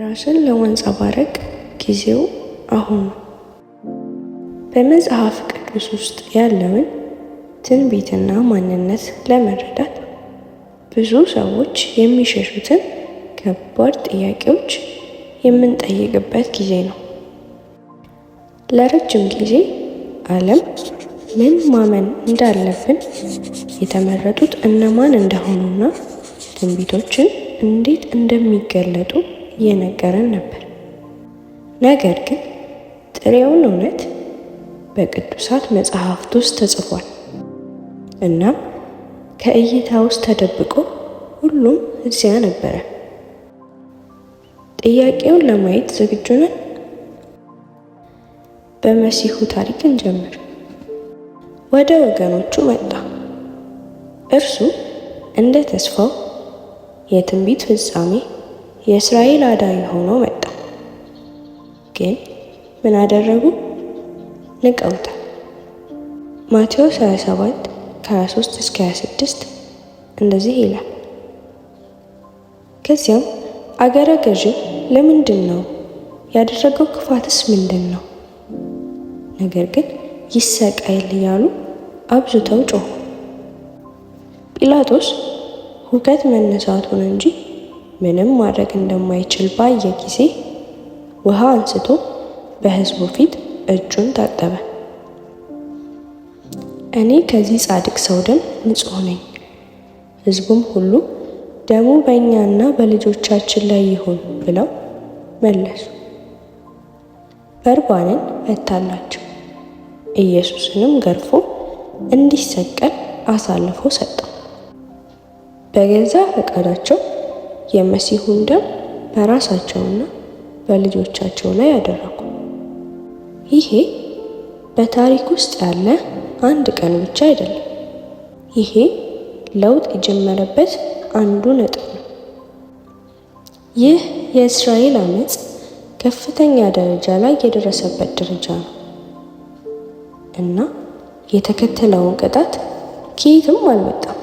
ራስን ለማንጸባረቅ ጊዜው አሁን ነው። በመጽሐፍ ቅዱስ ውስጥ ያለውን ትንቢትና ማንነት ለመረዳት ብዙ ሰዎች የሚሸሹትን ከባድ ጥያቄዎች የምንጠይቅበት ጊዜ ነው። ለረጅም ጊዜ ዓለም ምን ማመን እንዳለብን፣ የተመረጡት እነማን እንደሆኑና ትንቢቶችን እንዴት እንደሚገለጡ እየነገረን ነበር። ነገር ግን ጥሬውን እውነት በቅዱሳት መጽሐፍት ውስጥ ተጽፏል። እናም ከእይታ ውስጥ ተደብቆ ሁሉም እዚያ ነበረ። ጥያቄውን ለማየት ዝግጁ ነን? በመሲሁ ታሪክ እንጀምር። ወደ ወገኖቹ መጣ። እርሱ እንደ ተስፋው የትንቢት ፍጻሜ የእስራኤል አዳኝ ሆኖ መጣ። ግን ምን አደረጉ? ንቀውታል። ማቴዎስ 27 ከ23 እስከ 26 እንደዚህ ይላል። ከዚያም አገረ ገዥ ለምንድን ነው ያደረገው? ክፋትስ ምንድን ነው? ነገር ግን ይሰቀል እያሉ አብዝተው ጮሁ። ጲላጦስ ሁከት መነሳቱን እንጂ ምንም ማድረግ እንደማይችል ባየ ጊዜ ውሃ አንስቶ በሕዝቡ ፊት እጁን ታጠበ። እኔ ከዚህ ጻድቅ ሰው ደም ንጹሕ ነኝ። ሕዝቡም ሁሉ ደሙ በእኛና በልጆቻችን ላይ ይሁን ብለው መለሱ። በርባንን ፈታላቸው። ኢየሱስንም ገርፎ እንዲሰቀል አሳልፎ ሰጠው። በገዛ ፈቃዳቸው የመሲሁን ደም በራሳቸውና በልጆቻቸው ላይ አደረጉ። ይሄ በታሪክ ውስጥ ያለ አንድ ቀን ብቻ አይደለም። ይሄ ለውጥ የጀመረበት አንዱ ነጥብ ነው። ይህ የእስራኤል አመፅ ከፍተኛ ደረጃ ላይ የደረሰበት ደረጃ ነው እና የተከተለውን ቅጣት ከየትም አልመጣም።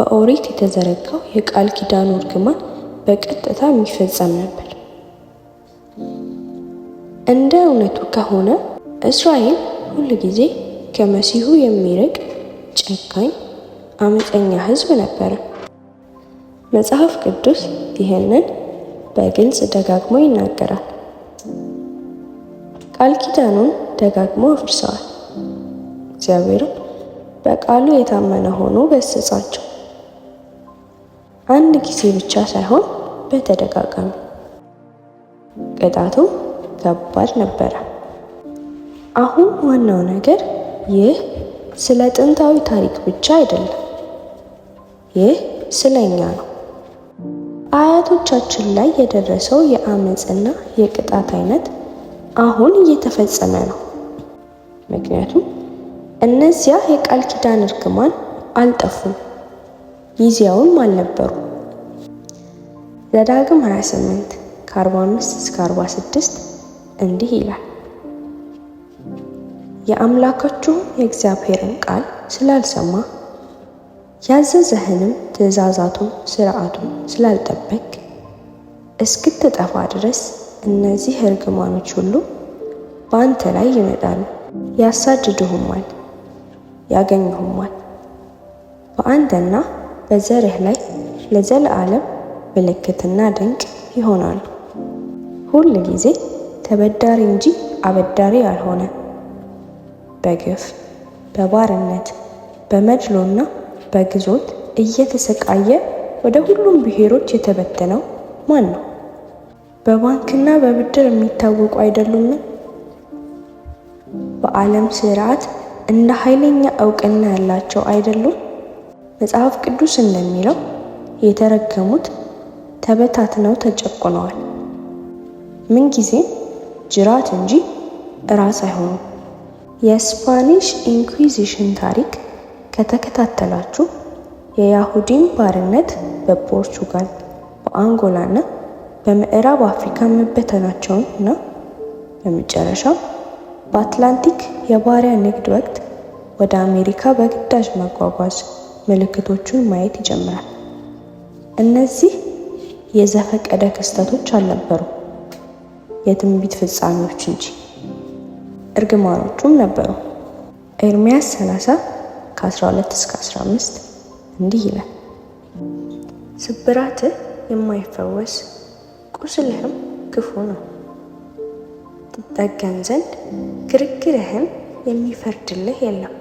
በኦሪት የተዘረጋው የቃል ኪዳኑ እርግማን በቀጥታ የሚፈጸም ነበር። እንደ እውነቱ ከሆነ እስራኤል ሁል ጊዜ ከመሲሁ የሚርቅ ጨካኝ፣ አመፀኛ ህዝብ ነበረ። መጽሐፍ ቅዱስ ይህንን በግልጽ ደጋግሞ ይናገራል። ቃል ኪዳኑን ደጋግሞ አፍርሰዋል። እግዚአብሔርም በቃሉ የታመነ ሆኖ ገሰጻቸው። አንድ ጊዜ ብቻ ሳይሆን በተደጋጋሚ። ቅጣቱ ከባድ ነበረ። አሁን ዋናው ነገር ይህ ስለ ጥንታዊ ታሪክ ብቻ አይደለም። ይህ ስለ እኛ ነው። አያቶቻችን ላይ የደረሰው የአመፅና የቅጣት አይነት አሁን እየተፈጸመ ነው። ምክንያቱም እነዚያ የቃል ኪዳን እርግማን አልጠፉም። ጊዜያውም አልነበሩ። ዘዳግም 28 ከ45 እስከ 46 እንዲህ ይላል የአምላካችሁም የእግዚአብሔርን ቃል ስላልሰማ ያዘዘህንም ትእዛዛቱን ስርዓቱን ስላልጠበቅ እስክትጠፋ ድረስ እነዚህ እርግማኖች ሁሉ በአንተ ላይ ይመጣሉ። ያሳድድሁማል፣ ያገኙሁማል በአንተና በዘርህ ላይ ለዘለዓለም ምልክትና ድንቅ ይሆናሉ። ሁል ጊዜ ተበዳሪ እንጂ አበዳሪ ያልሆነ በግፍ በባርነት በመድሎና በግዞት እየተሰቃየ ወደ ሁሉም ብሔሮች የተበተነው ማን ነው? በባንክና በብድር የሚታወቁ አይደሉምን? በዓለም ስርዓት እንደ ኃይለኛ እውቅና ያላቸው አይደሉም? መጽሐፍ ቅዱስ እንደሚለው የተረገሙት ተበታትነው ተጨቁነዋል፣ ምንጊዜም ጅራት እንጂ ራስ አይሆኑም። የስፓኒሽ ኢንኩዊዚሽን ታሪክ ከተከታተላችሁ የያሁዲን ባርነት በፖርቹጋል በአንጎላ እና በምዕራብ አፍሪካ መበተናቸውን እና በመጨረሻም በአትላንቲክ የባሪያ ንግድ ወቅት ወደ አሜሪካ በግዳጅ መጓጓዝ ምልክቶቹን ማየት ይጀምራል። እነዚህ የዘፈቀደ ክስተቶች አልነበሩ፣ የትንቢት ፍጻሜዎች እንጂ እርግማኖቹም ነበሩ። ኤርምያስ 30 ከ12 እስከ 15 እንዲህ ይላል፣ ስብራትህ የማይፈወስ ቁስልህም ክፉ ነው። ትጠገን ዘንድ ክርክርህን የሚፈርድልህ የለም።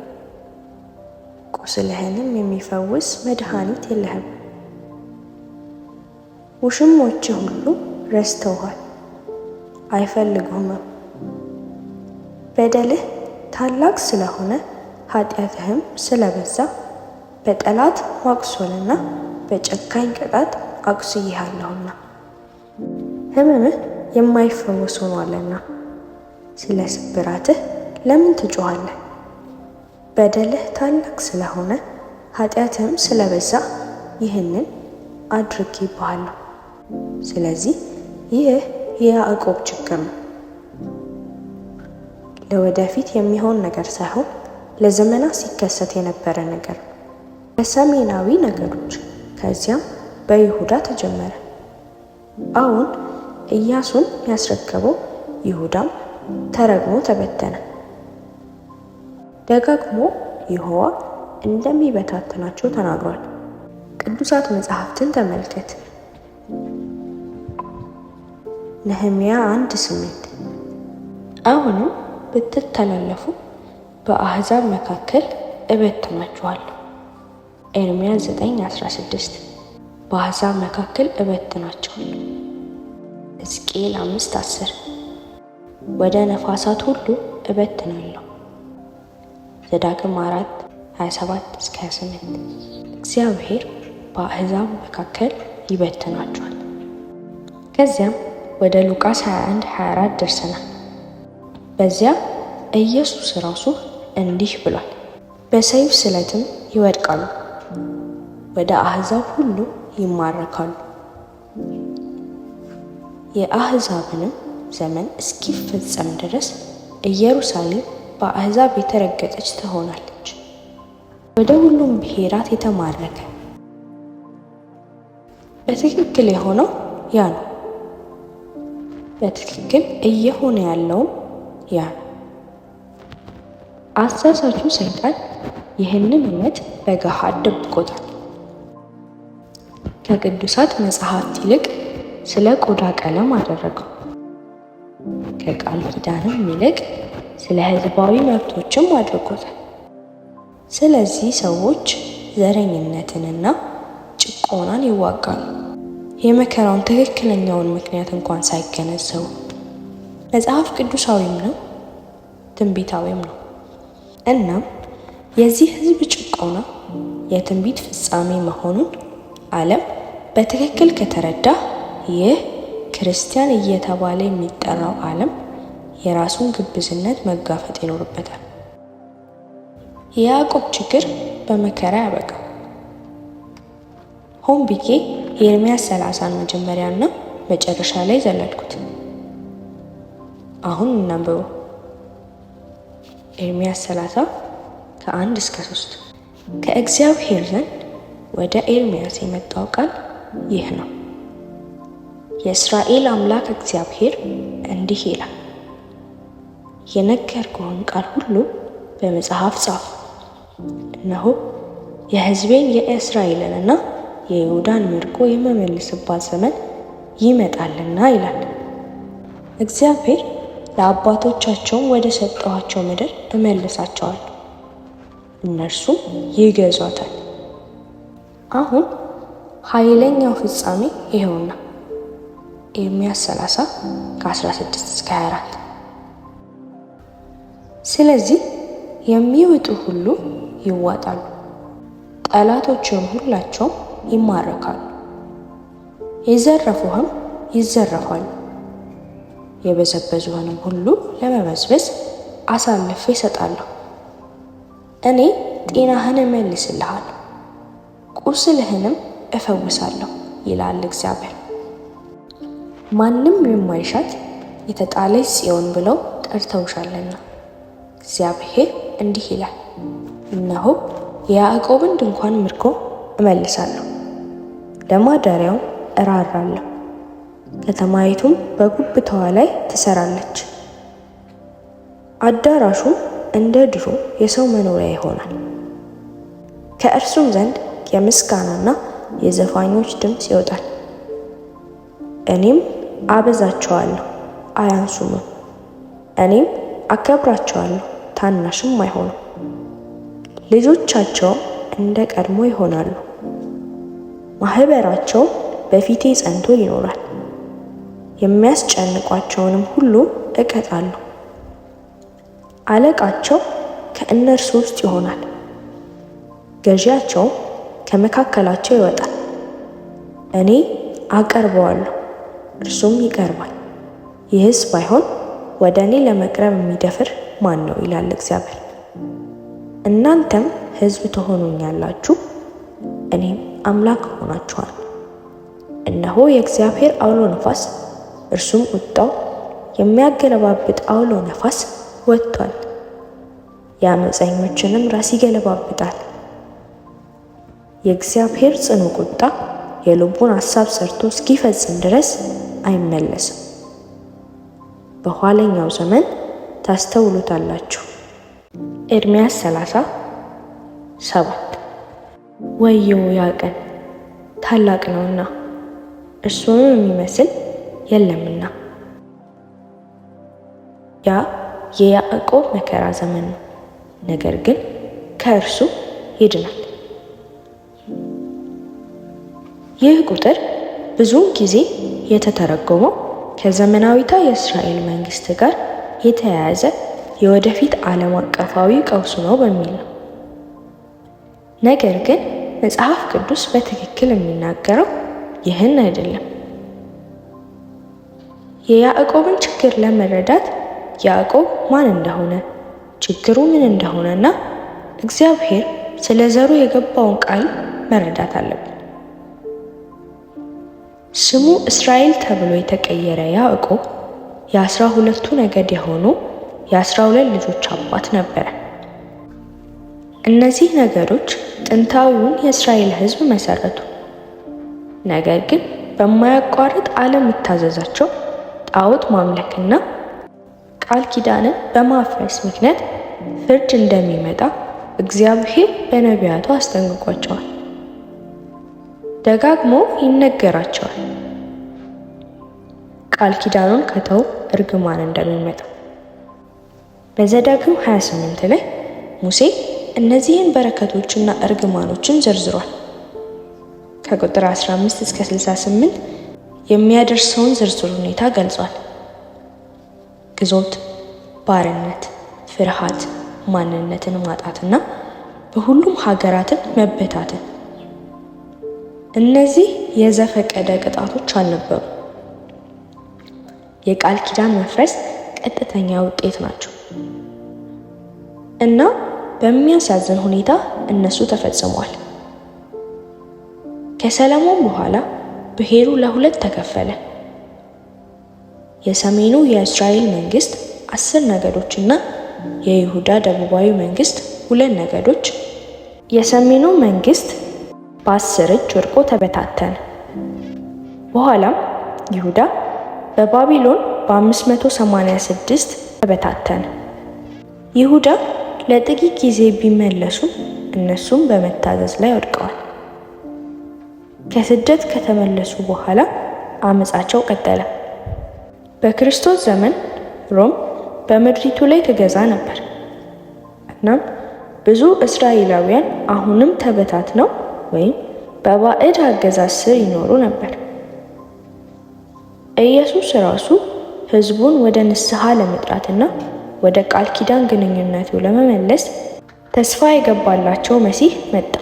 ቁስልህንም የሚፈውስ መድኃኒት የለህም። ውሽሞች ሁሉ ረስተውሃል፣ አይፈልጉህምም። በደልህ ታላቅ ስለሆነ ኃጢአትህም ስለበዛ በጠላት ማቁሶልና በጨካኝ ቅጣት አቁስዬሃለሁና ሕመምህ የማይፈወስ ሆኗልና ስለ ስብራትህ ለምን ትጮኻለህ? በደልህ ታላቅ ስለሆነ ኃጢአትም ስለበዛ ይህንን አድርጌብሃለሁ። ስለዚህ ይህ የያዕቆብ ችግር ነው። ለወደፊት የሚሆን ነገር ሳይሆን ለዘመናት ሲከሰት የነበረ ነገር ለሰሜናዊ በሰሜናዊ ነገዶች ከዚያም በይሁዳ ተጀመረ። አሁን ኢያሱን ያስረከበው ይሁዳም ተረግሞ ተበተነ። ደጋግሞ ይሖዋ እንደሚበታትናቸው ተናግሯል። ቅዱሳት መጽሐፍትን ተመልከት። ነህምያ አንድ ስምንት አሁንም ብትተላለፉ በአሕዛብ መካከል እበትናችኋለሁ። ኤርምያስ 9:16 በአሕዛብ መካከል እበትናችኋለሁ። ሕዝቅኤል 5:10 ወደ ነፋሳት ሁሉ እበትናለሁ። ዘዳግም 4 27 እስከ 28 እግዚአብሔር በአሕዛብ መካከል ይበትናቸዋል። ከዚያም ወደ ሉቃስ 21 24 ደርሰናል። በዚያ ኢየሱስ ራሱ እንዲህ ብሏል፣ በሰይፍ ስለትም ይወድቃሉ፣ ወደ አሕዛብ ሁሉ ይማረካሉ፣ የአሕዛብንም ዘመን እስኪፈጸም ድረስ ኢየሩሳሌም በአሕዛብ የተረገጠች ትሆናለች። ወደ ሁሉም ብሔራት የተማረከ በትክክል የሆነው ያ ነው። በትክክል እየሆነ ያለውም ያ ነው። አሳሳቹ ሰይጣን ይህንን እውነት በገሃድ ደብቆታል። ከቅዱሳት መጽሐፍት ይልቅ ስለ ቆዳ ቀለም አደረገው። ከቃል ኪዳንም ይልቅ ስለ ህዝባዊ መብቶችም አድርጎታል። ስለዚህ ሰዎች ዘረኝነትንና ጭቆናን ይዋጋሉ። የመከራውን ትክክለኛውን ምክንያት እንኳን ሳይገነዘቡ። መጽሐፍ ቅዱሳዊም ነው፣ ትንቢታዊም ነው። እናም የዚህ ህዝብ ጭቆና የትንቢት ፍጻሜ መሆኑን ዓለም በትክክል ከተረዳ ይህ ክርስቲያን እየተባለ የሚጠራው ዓለም የራሱን ግብዝነት መጋፈጥ ይኖርበታል። የያዕቆብ ችግር በመከራ ያበቃ። ሆን ብዬ የኤርምያስ ሰላሳን መጀመሪያና መጨረሻ ላይ ዘለልኩት። አሁን እናንብበው። ኤርምያስ 30 ከአንድ እስከ ሶስት ከእግዚአብሔር ዘንድ ወደ ኤርምያስ የመጣው ቃል ይህ ነው። የእስራኤል አምላክ እግዚአብሔር እንዲህ ይላል የነገርኩህን ቃል ሁሉ በመጽሐፍ ጻፍ። እነሆ የሕዝቤን የእስራኤልንና የይሁዳን ምርኮ የመመልስባት ዘመን ይመጣልና ይላል እግዚአብሔር። ለአባቶቻቸውም ወደ ሰጠኋቸው ምድር እመልሳቸዋለሁ፣ እነርሱም ይገዟታል። አሁን ኃይለኛው ፍጻሜ ይኸውና። ኤርምያስ 30 ከ16 እስከ 24 ስለዚህ የሚውጡ ሁሉ ይዋጣሉ፣ ጠላቶችም ሁላቸው ይማረካሉ። የዘረፉህም ይዘረፋሉ፣ የበዘበዙህንም ሁሉ ለመበዝበዝ አሳልፌ እሰጣለሁ። እኔ ጤናህን እመልስልሃለሁ፣ ቁስልህንም እፈውሳለሁ ይላል እግዚአብሔር። ማንም የማይሻት የተጣለች ጽዮን ብለው ጠርተውሻልና እግዚአብሔር እንዲህ ይላል፣ እነሆ የያዕቆብን ድንኳን ምርኮ እመልሳለሁ፣ ለማደሪያው እራራለሁ፣ ከተማይቱም በጉብታዋ ላይ ትሰራለች፣ አዳራሹም እንደ ድሮ የሰው መኖሪያ ይሆናል። ከእርሱም ዘንድ የምስጋናና የዘፋኞች ድምፅ ይወጣል። እኔም አበዛቸዋለሁ አያንሱምም፣ እኔም አከብራቸዋለሁ ታናሽም አይሆኑም። ልጆቻቸው እንደ ቀድሞ ይሆናሉ። ማህበራቸው በፊቴ ጸንቶ ይኖራል። የሚያስጨንቋቸውንም ሁሉ እቀጣለሁ። አለቃቸው ከእነርሱ ውስጥ ይሆናል፣ ገዢያቸው ከመካከላቸው ይወጣል። እኔ አቀርበዋለሁ፣ እርሱም ይቀርባል። ይህስ ባይሆን ወደ እኔ ለመቅረብ የሚደፍር ማን ነው ይላል እግዚአብሔር። እናንተም ሕዝብ ትሆኑኛላችሁ፣ እኔም አምላክ ሆናችኋል። እነሆ የእግዚአብሔር አውሎ ነፋስ፣ እርሱም ቁጣው የሚያገለባብጥ አውሎ ነፋስ ወጥቷል፣ የአመፀኞችንም ራስ ይገለባብጣል። የእግዚአብሔር ጽኑ ቁጣ የልቡን ሐሳብ ሰርቶ እስኪፈጽም ድረስ አይመለስም። በኋለኛው ዘመን ታስተውሉታላችሁ። ኤርምያስ 30 ሰባት ወዮ ያ ቀን ታላቅ ነውና እርሱንም የሚመስል የለምና። ያ የያዕቆብ መከራ ዘመን ነው፣ ነገር ግን ከእርሱ ይድናል። ይህ ቁጥር ብዙውን ጊዜ የተተረጎመው ከዘመናዊቷ የእስራኤል መንግስት ጋር የተያያዘ የወደፊት ዓለም አቀፋዊ ቀውስ ነው በሚል ነው። ነገር ግን መጽሐፍ ቅዱስ በትክክል የሚናገረው ይህን አይደለም። የያዕቆብን ችግር ለመረዳት ያዕቆብ ማን እንደሆነ፣ ችግሩ ምን እንደሆነ እና እግዚአብሔር ስለ ዘሩ የገባውን ቃል መረዳት አለብን። ስሙ እስራኤል ተብሎ የተቀየረ ያዕቆብ የአስራ ሁለቱ ነገድ የሆኑ የአስራ ሁለት ልጆች አባት ነበረ። እነዚህ ነገዶች ጥንታዊውን የእስራኤል ሕዝብ መሰረቱ። ነገር ግን በማያቋርጥ አለመታዘዛቸው ጣዖት ማምለክና ቃል ኪዳንን በማፍረስ ምክንያት ፍርድ እንደሚመጣ እግዚአብሔር በነቢያቱ አስጠንቅቋቸዋል፣ ደጋግሞ ይነገራቸዋል። ቃል ኪዳኑን ከተው እርግማን እንደሚመጣ። በዘዳግም 28 ላይ ሙሴ እነዚህን በረከቶችና እርግማኖችን ዘርዝሯል። ከቁጥር 15 እስከ 68 የሚያደርሰውን ዝርዝር ሁኔታ ገልጿል። ግዞት፣ ባርነት፣ ፍርሃት፣ ማንነትን ማጣትና በሁሉም ሀገራትን መበታትን። እነዚህ የዘፈቀደ ቅጣቶች አልነበሩ። የቃል ኪዳን መፍረስ ቀጥተኛ ውጤት ናቸው እና በሚያሳዝን ሁኔታ እነሱ ተፈጽሟል። ከሰለሞን በኋላ ብሔሩ ለሁለት ተከፈለ። የሰሜኑ የእስራኤል መንግስት አስር ነገዶች እና የይሁዳ ደቡባዊ መንግስት ሁለት ነገዶች። የሰሜኑ መንግስት በአስር እጅ ወድቆ ተበታተነ። በኋላም ይሁዳ በባቢሎን በ586 ተበታተነ። ይሁዳ ለጥቂት ጊዜ ቢመለሱ እነሱም በመታዘዝ ላይ ወድቀዋል። ከስደት ከተመለሱ በኋላ አመፃቸው ቀጠለ። በክርስቶስ ዘመን ሮም በምድሪቱ ላይ ትገዛ ነበር። እናም ብዙ እስራኤላውያን አሁንም ተበታትነው ወይም በባዕድ አገዛዝ ስር ይኖሩ ነበር። ኢየሱስ ራሱ ህዝቡን ወደ ንስሐ ለመጥራትና ወደ ቃል ኪዳን ግንኙነቱ ለመመለስ ተስፋ የገባላቸው መሲህ መጣ።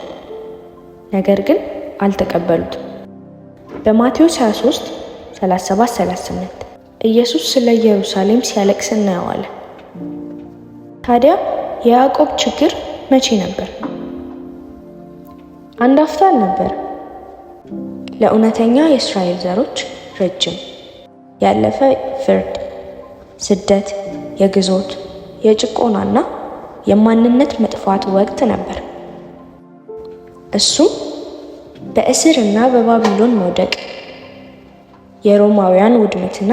ነገር ግን አልተቀበሉትም። በማቴዎስ 23 37 38 ኢየሱስ ስለ ኢየሩሳሌም ሲያለቅስ እናየዋለን። ታዲያ የያዕቆብ ችግር መቼ ነበር? አንድ አፍታ አልነበር። ለእውነተኛ የእስራኤል ዘሮች ረጅም ያለፈ ፍርድ፣ ስደት፣ የግዞት የጭቆናና የማንነት መጥፋት ወቅት ነበር። እሱም በእስርና በባቢሎን መውደቅ፣ የሮማውያን ውድመትና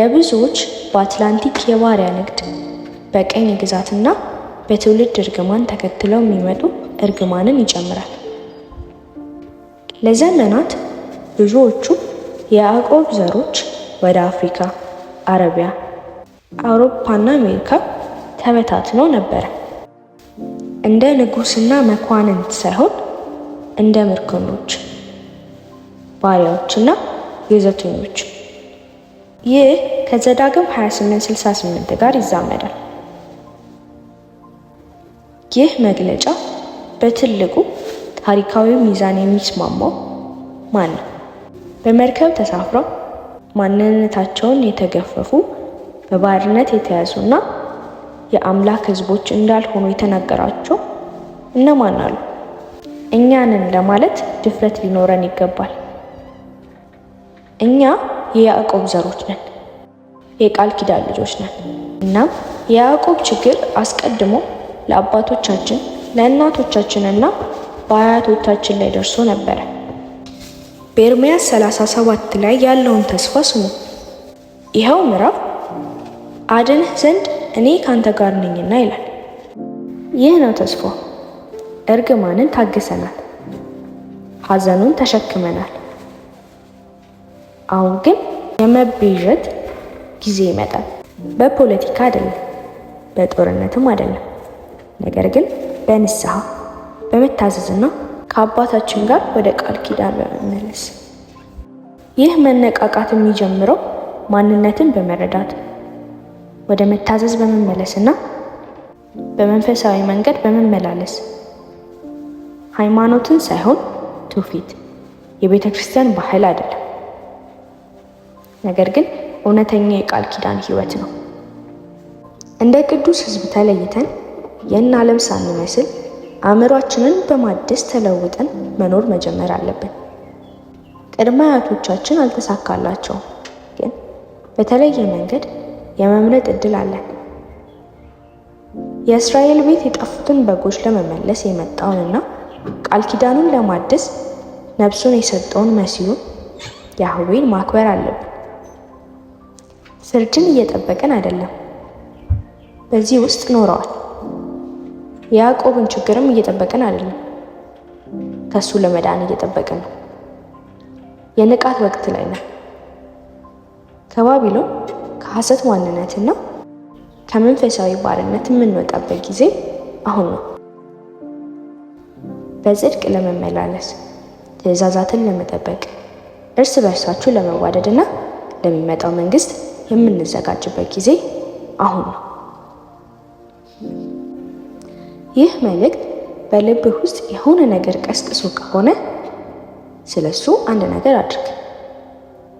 ለብዙዎች በአትላንቲክ የባሪያ ንግድ፣ በቀኝ ግዛትና በትውልድ እርግማን ተከትለው የሚመጡ እርግማንን ይጨምራል። ለዘመናት ብዙዎቹ የያዕቆብ ዘሮች ወደ አፍሪካ፣ አረቢያ፣ አውሮፓና አሜሪካ ተበታትኖ ነበረ። እንደ ንጉስና መኳንንት ሳይሆን እንደ ምርኮኞች፣ ባሪያዎችና ይዘተኞች ይህ ከዘዳግም 2868 ጋር ይዛመዳል። ይህ መግለጫ በትልቁ ታሪካዊ ሚዛን የሚስማማው ማን ነው? በመርከብ ተሳፍረው ማንነታቸውን የተገፈፉ በባርነት የተያዙና የአምላክ ሕዝቦች እንዳልሆኑ የተናገራቸው እነማን አሉ? እኛንን ለማለት ድፍረት ሊኖረን ይገባል። እኛ የያዕቆብ ዘሮች ነን፣ የቃል ኪዳን ልጆች ነን። እናም የያዕቆብ ችግር አስቀድሞ ለአባቶቻችን ለእናቶቻችንና በአያቶቻችን ላይ ደርሶ ነበረ። በኤርምያስ 37 ላይ ያለውን ተስፋ ስሙ። ይኸው ምዕራፍ አድንህ ዘንድ እኔ ካንተ ጋር ነኝና ይላል። ይህ ነው ተስፋ። እርግማንን ታግሰናል፣ ሐዘኑን ተሸክመናል። አሁን ግን የመቤዠት ጊዜ ይመጣል። በፖለቲካ አይደለም፣ በጦርነትም አይደለም፣ ነገር ግን በንስሐ በመታዘዝና ከአባታችን ጋር ወደ ቃል ኪዳን በመመለስ ይህ መነቃቃት የሚጀምረው ማንነትን በመረዳት ወደ መታዘዝ በመመለስ እና በመንፈሳዊ መንገድ በመመላለስ ሃይማኖትን ሳይሆን ትውፊት፣ የቤተ ክርስቲያን ባህል አይደለም፣ ነገር ግን እውነተኛ የቃል ኪዳን ህይወት ነው። እንደ ቅዱስ ህዝብ ተለይተን ይህን ዓለም ሳንመስል አእምሯችንን በማደስ ተለውጠን መኖር መጀመር አለብን። ቅድመ አያቶቻችን አልተሳካላቸውም፣ ግን በተለየ መንገድ የመምረጥ እድል አለን። የእስራኤል ቤት የጠፉትን በጎች ለመመለስ የመጣውንና ቃል ኪዳኑን ለማደስ ነፍሱን የሰጠውን መሲሁን ያህዌን ማክበር አለብን። ፍርድን እየጠበቅን አይደለም፣ በዚህ ውስጥ ኖረዋል። የያዕቆብን ችግርም እየጠበቅን አይደለም፣ ከእሱ ለመዳን እየጠበቅን ነው። የንቃት ወቅት ላይ ነው። ከባቢሎን ከሐሰት ማንነትና ከመንፈሳዊ ባርነት የምንወጣበት ጊዜ አሁን ነው። በጽድቅ ለመመላለስ፣ ትእዛዛትን ለመጠበቅ፣ እርስ በርሳችሁ ለመዋደድና ለሚመጣው መንግስት የምንዘጋጅበት ጊዜ አሁን ነው። ይህ መልእክት በልብህ ውስጥ የሆነ ነገር ቀስቅሶ ከሆነ ስለ እሱ አንድ ነገር አድርግ።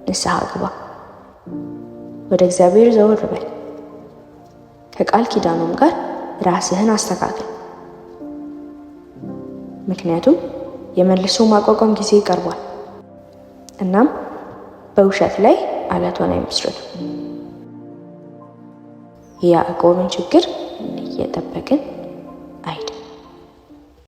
ንስሐ ግባ። ወደ እግዚአብሔር ዘወር በል። ከቃል ኪዳኑም ጋር ራስህን አስተካክል። ምክንያቱም የመልሶ ማቋቋም ጊዜ ይቀርቧል። እናም በውሸት ላይ አለቷን አይመስረቱ። የያዕቆብን ችግር እየጠበቅን Right.